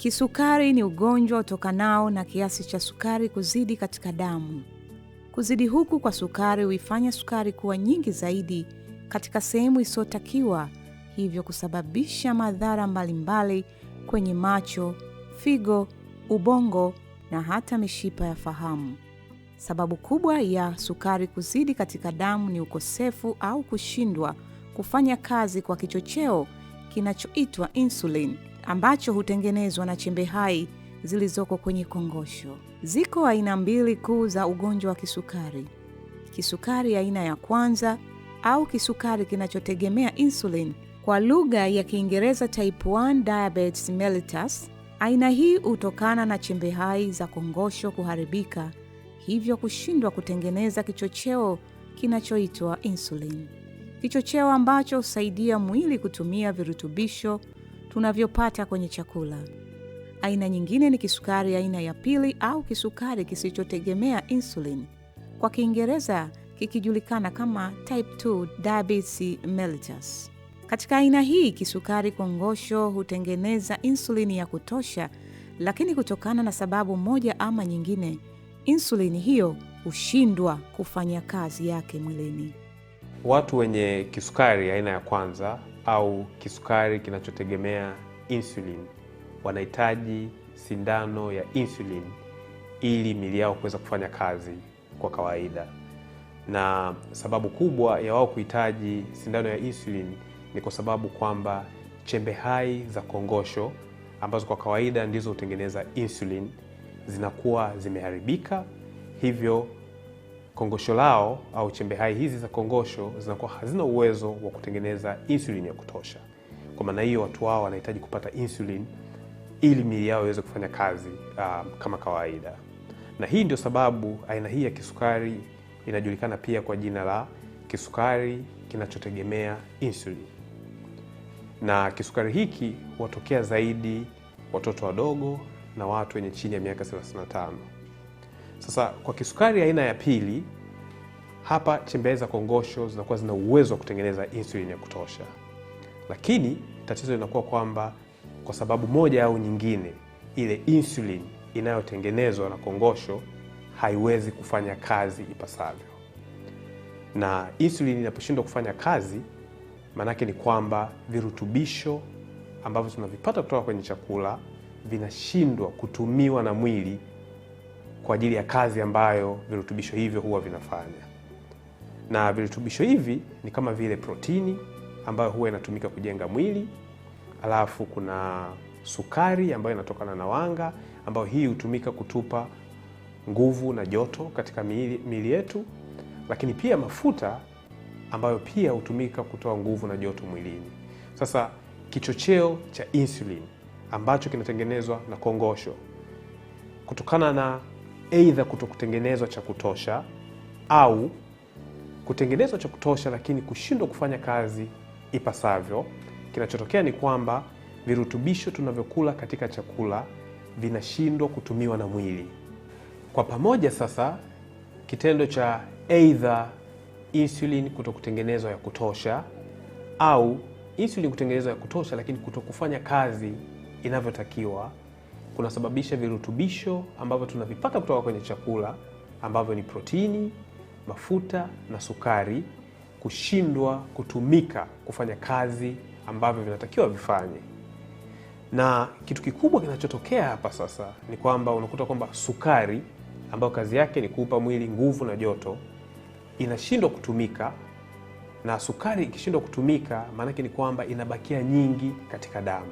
Kisukari ni ugonjwa utokanao na kiasi cha sukari kuzidi katika damu. Kuzidi huku kwa sukari huifanya sukari kuwa nyingi zaidi katika sehemu isiyotakiwa, hivyo kusababisha madhara mbalimbali kwenye macho, figo, ubongo na hata mishipa ya fahamu. Sababu kubwa ya sukari kuzidi katika damu ni ukosefu au kushindwa kufanya kazi kwa kichocheo kinachoitwa insulin ambacho hutengenezwa na chembe hai zilizoko kwenye kongosho. Ziko aina mbili kuu za ugonjwa wa kisukari: kisukari aina ya kwanza au kisukari kinachotegemea insulin, kwa lugha ya Kiingereza type 1 diabetes mellitus. Aina hii hutokana na chembe hai za kongosho kuharibika, hivyo kushindwa kutengeneza kichocheo kinachoitwa insulin, kichocheo ambacho husaidia mwili kutumia virutubisho tunavyopata kwenye chakula. Aina nyingine ni kisukari aina ya pili au kisukari kisichotegemea insulin, kwa Kiingereza kikijulikana kama type 2 diabetes mellitus. Katika aina hii, kisukari kongosho hutengeneza insulini ya kutosha, lakini kutokana na sababu moja ama nyingine, insulini hiyo hushindwa kufanya kazi yake mwilini. Watu wenye kisukari aina ya kwanza au kisukari kinachotegemea insulin wanahitaji sindano ya insulin ili mili yao kuweza kufanya kazi kwa kawaida. Na sababu kubwa ya wao kuhitaji sindano ya insulin ni kwa sababu kwamba chembe hai za kongosho ambazo kwa kawaida ndizo hutengeneza insulin zinakuwa zimeharibika, hivyo kongosho lao au chembe hai hizi za kongosho zinakuwa hazina uwezo wa kutengeneza insulin ya kutosha. Kwa maana hiyo, watu hao wanahitaji kupata insulin ili miili yao iweze kufanya kazi um, kama kawaida, na hii ndio sababu aina hii ya kisukari inajulikana pia kwa jina la kisukari kinachotegemea insulin. Na kisukari hiki huwatokea zaidi watoto wadogo na watu wenye chini ya miaka 35. Sasa kwa kisukari aina ya, ya pili hapa chembe za kongosho zinakuwa zina uwezo wa kutengeneza insulin ya kutosha, lakini tatizo linakuwa kwamba kwa sababu moja au nyingine, ile insulin inayotengenezwa na kongosho haiwezi kufanya kazi ipasavyo, na insulin inaposhindwa kufanya kazi, maanake ni kwamba virutubisho ambavyo tunavipata kutoka kwenye chakula vinashindwa kutumiwa na mwili kwa ajili ya kazi ambayo virutubisho hivyo huwa vinafanya. Na virutubisho hivi ni kama vile protini ambayo huwa inatumika kujenga mwili, alafu kuna sukari ambayo inatokana na wanga ambayo hii hutumika kutupa nguvu na joto katika miili yetu, lakini pia mafuta ambayo pia hutumika kutoa nguvu na joto mwilini. Sasa kichocheo cha insulin ambacho kinatengenezwa na kongosho kutokana na aidha kutokutengenezwa cha kutosha au kutengenezwa cha kutosha lakini kushindwa kufanya kazi ipasavyo. Kinachotokea ni kwamba virutubisho tunavyokula katika chakula vinashindwa kutumiwa na mwili kwa pamoja. Sasa kitendo cha aidha insulin kuto kutengenezwa ya kutosha au insulin kutengenezwa ya kutosha lakini kuto kufanya kazi inavyotakiwa kunasababisha virutubisho ambavyo tunavipata kutoka kwenye chakula ambavyo ni protini, mafuta na sukari kushindwa kutumika kufanya kazi ambavyo vinatakiwa vifanye. Na kitu kikubwa kinachotokea hapa sasa ni kwamba unakuta kwamba sukari ambayo kazi yake ni kuupa mwili nguvu na joto inashindwa kutumika, na sukari ikishindwa kutumika, maanake ni kwamba inabakia nyingi katika damu.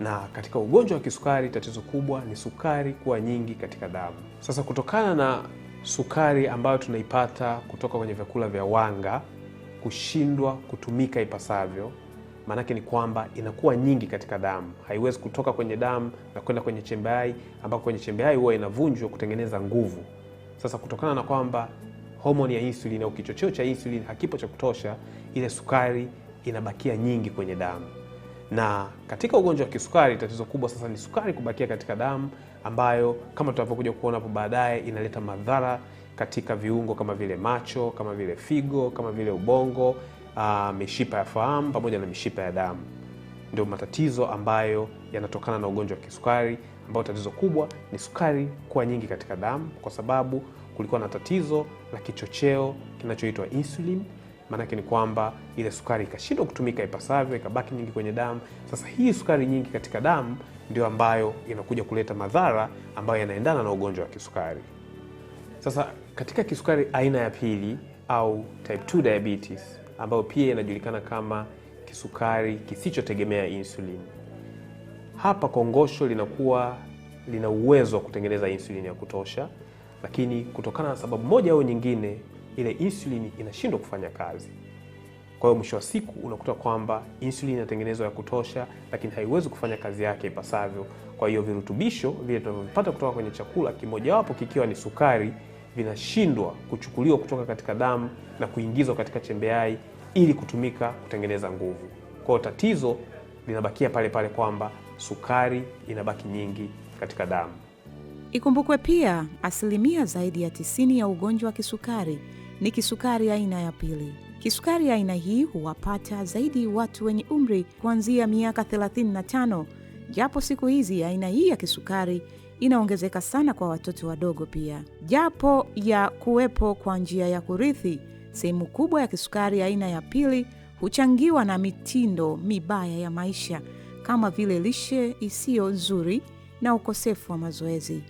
Na katika ugonjwa wa kisukari, tatizo kubwa ni sukari kuwa nyingi katika damu. Sasa kutokana na sukari ambayo tunaipata kutoka kwenye vyakula vya wanga kushindwa kutumika ipasavyo, maanake ni kwamba inakuwa nyingi katika damu, haiwezi kutoka kwenye damu na kwenda kwenye chembe hai, ambapo kwenye chembe hai huwa inavunjwa kutengeneza nguvu. Sasa kutokana na kwamba homoni ya insulin au kichocheo cha insulin hakipo cha kutosha, ile sukari inabakia nyingi kwenye damu na katika ugonjwa wa kisukari tatizo kubwa sasa ni sukari kubakia katika damu, ambayo kama tutavyokuja kuona hapo baadaye inaleta madhara katika viungo kama vile macho, kama vile figo, kama vile ubongo, uh, mishipa ya fahamu pamoja na mishipa ya damu. Ndio matatizo ambayo yanatokana na ugonjwa wa kisukari, ambayo tatizo kubwa ni sukari kuwa nyingi katika damu, kwa sababu kulikuwa na tatizo la kichocheo kinachoitwa insulin Maanake ni kwamba ile sukari ikashindwa kutumika ipasavyo, ikabaki nyingi kwenye damu. Sasa hii sukari nyingi katika damu ndio ambayo inakuja kuleta madhara ambayo yanaendana na ugonjwa wa kisukari. Sasa katika kisukari aina ya pili au type 2 diabetes, ambayo pia inajulikana kama kisukari kisichotegemea insulin, hapa kongosho linakuwa lina uwezo wa kutengeneza insulin ya kutosha, lakini kutokana na sababu moja au nyingine ile insulini inashindwa kufanya kazi. Kwa hiyo mwisho wa siku unakuta kwamba insulini inatengenezwa ya kutosha, lakini haiwezi kufanya kazi yake ipasavyo. Kwa hiyo virutubisho vile tunavyovipata kutoka kwenye chakula, kimojawapo kikiwa ni sukari, vinashindwa kuchukuliwa kutoka katika damu na kuingizwa katika chembeai ili kutumika kutengeneza nguvu. Kwa hiyo tatizo linabakia pale pale kwamba sukari inabaki nyingi katika damu. Ikumbukwe pia asilimia zaidi ya 90 ya ugonjwa wa kisukari ni kisukari aina ya pili. Kisukari aina hii huwapata zaidi watu wenye umri kuanzia miaka 35, japo siku hizi aina hii ya kisukari inaongezeka sana kwa watoto wadogo pia, japo ya kuwepo kwa njia ya kurithi. Sehemu kubwa ya kisukari aina ya pili huchangiwa na mitindo mibaya ya maisha kama vile lishe isiyo nzuri na ukosefu wa mazoezi.